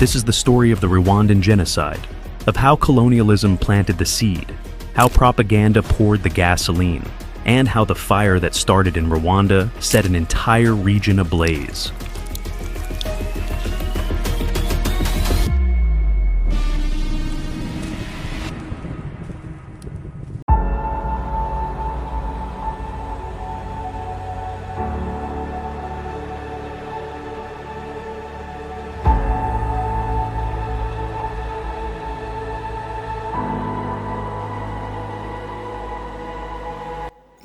This is the story of the Rwandan genocide, of how colonialism planted the seed, how propaganda poured the gasoline, and how the fire that started in Rwanda set an entire region ablaze.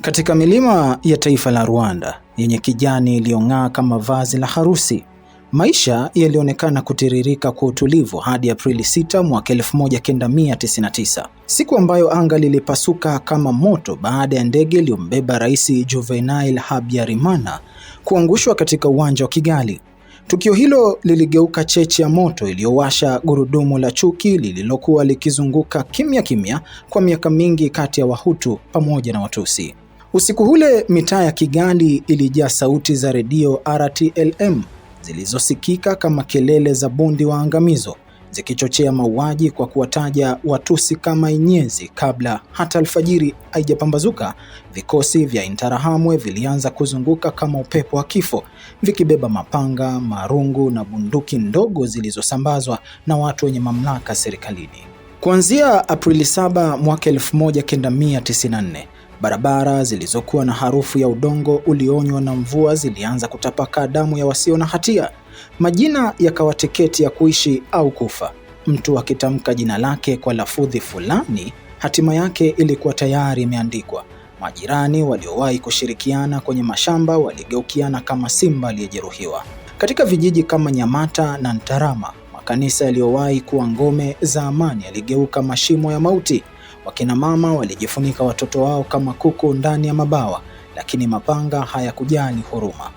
Katika milima ya taifa la Rwanda yenye kijani iliyong'aa kama vazi la harusi, maisha yalionekana kutiririka kwa utulivu hadi Aprili 6 mwaka 1999, siku ambayo anga lilipasuka kama moto baada ya ndege iliyombeba Rais Juvenal Habyarimana kuangushwa katika uwanja wa Kigali. Tukio hilo liligeuka cheche ya moto iliyowasha gurudumu la chuki lililokuwa likizunguka kimya kimya kwa miaka mingi kati ya Wahutu pamoja na Watusi. Usiku ule mitaa ya Kigali ilijaa sauti za redio RTLM zilizosikika kama kelele za bundi wa angamizo zikichochea mauaji kwa kuwataja Watusi kama inyezi. Kabla hata alfajiri haijapambazuka, vikosi vya Interahamwe vilianza kuzunguka kama upepo wa kifo, vikibeba mapanga, marungu na bunduki ndogo zilizosambazwa na watu wenye mamlaka serikalini. Kuanzia Aprili 7 mwaka 1994 Barabara zilizokuwa na harufu ya udongo ulionywa na mvua zilianza kutapakaa damu ya wasio na hatia. Majina yakawa tiketi ya kuishi au kufa. Mtu akitamka jina lake kwa lafudhi fulani, hatima yake ilikuwa tayari imeandikwa. Majirani waliowahi kushirikiana kwenye mashamba waligeukiana kama simba aliyejeruhiwa. Katika vijiji kama Nyamata na Ntarama, makanisa yaliyowahi kuwa ngome za amani yaligeuka mashimo ya mauti. Wakina mama walijifunika watoto wao kama kuku ndani ya mabawa, lakini mapanga hayakujali huruma.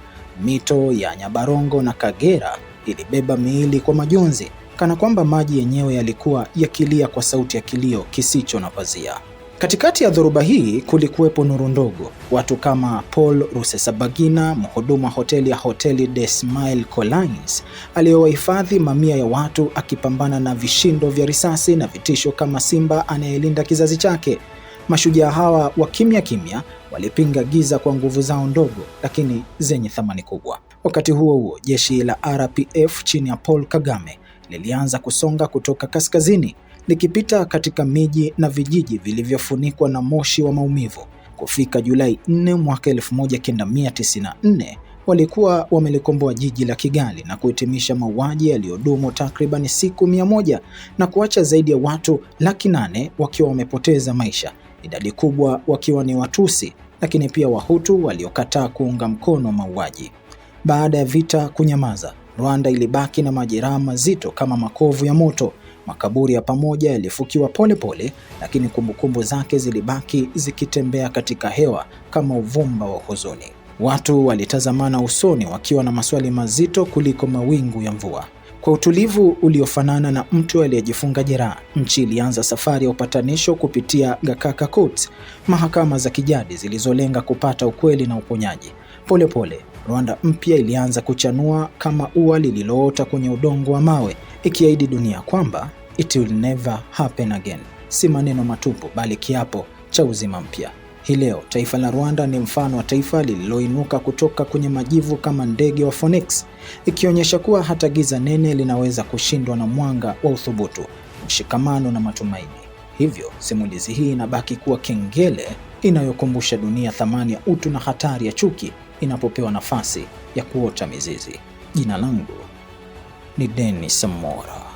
Mito ya Nyabarongo na Kagera ilibeba miili kwa majonzi, kana kwamba maji yenyewe yalikuwa yakilia kwa sauti ya kilio kisicho na pazia. Katikati ya dhoruba hii kulikuwepo nuru ndogo, watu kama Paul Rusesabagina, mhudumu wa hoteli ya hoteli Des Mille Collines, aliyowahifadhi mamia ya watu akipambana na vishindo vya risasi na vitisho kama simba anayelinda kizazi chake. Mashujaa hawa wa kimya kimya walipinga giza kwa nguvu zao ndogo, lakini zenye thamani kubwa. Wakati huo huo, jeshi la RPF chini ya Paul Kagame lilianza kusonga kutoka kaskazini likipita katika miji na vijiji vilivyofunikwa na moshi wa maumivu. Kufika Julai 4 mwaka 1994 walikuwa wamelikomboa jiji la Kigali na kuhitimisha mauaji yaliyodumu takriban siku mia moja na kuacha zaidi ya watu laki nane wakiwa wamepoteza maisha, idadi kubwa wakiwa ni Watusi, lakini pia Wahutu waliokataa kuunga mkono mauaji. Baada ya vita kunyamaza, Rwanda ilibaki na majeraha mazito kama makovu ya moto Makaburi ya pamoja yalifukiwa polepole, lakini kumbukumbu zake zilibaki zikitembea katika hewa kama uvumba wa huzuni. Watu walitazamana usoni wakiwa na maswali mazito kuliko mawingu ya mvua. Kwa utulivu uliofanana na mtu aliyejifunga jeraha, nchi ilianza safari ya upatanisho kupitia Gakaka Court, mahakama za kijadi zilizolenga kupata ukweli na uponyaji. Polepole pole, Rwanda mpya ilianza kuchanua kama ua lililoota kwenye udongo wa mawe, ikiahidi dunia kwamba it will never happen again. Si maneno matupu, bali kiapo cha uzima mpya. Hii leo taifa la Rwanda ni mfano wa taifa lililoinuka kutoka kwenye majivu kama ndege wa Phoenix, ikionyesha kuwa hata giza nene linaweza kushindwa na mwanga wa uthubutu, mshikamano na matumaini. Hivyo simulizi hii inabaki kuwa kengele inayokumbusha dunia thamani ya utu na hatari ya chuki inapopewa nafasi ya kuota mizizi. Jina langu ni Dennis mora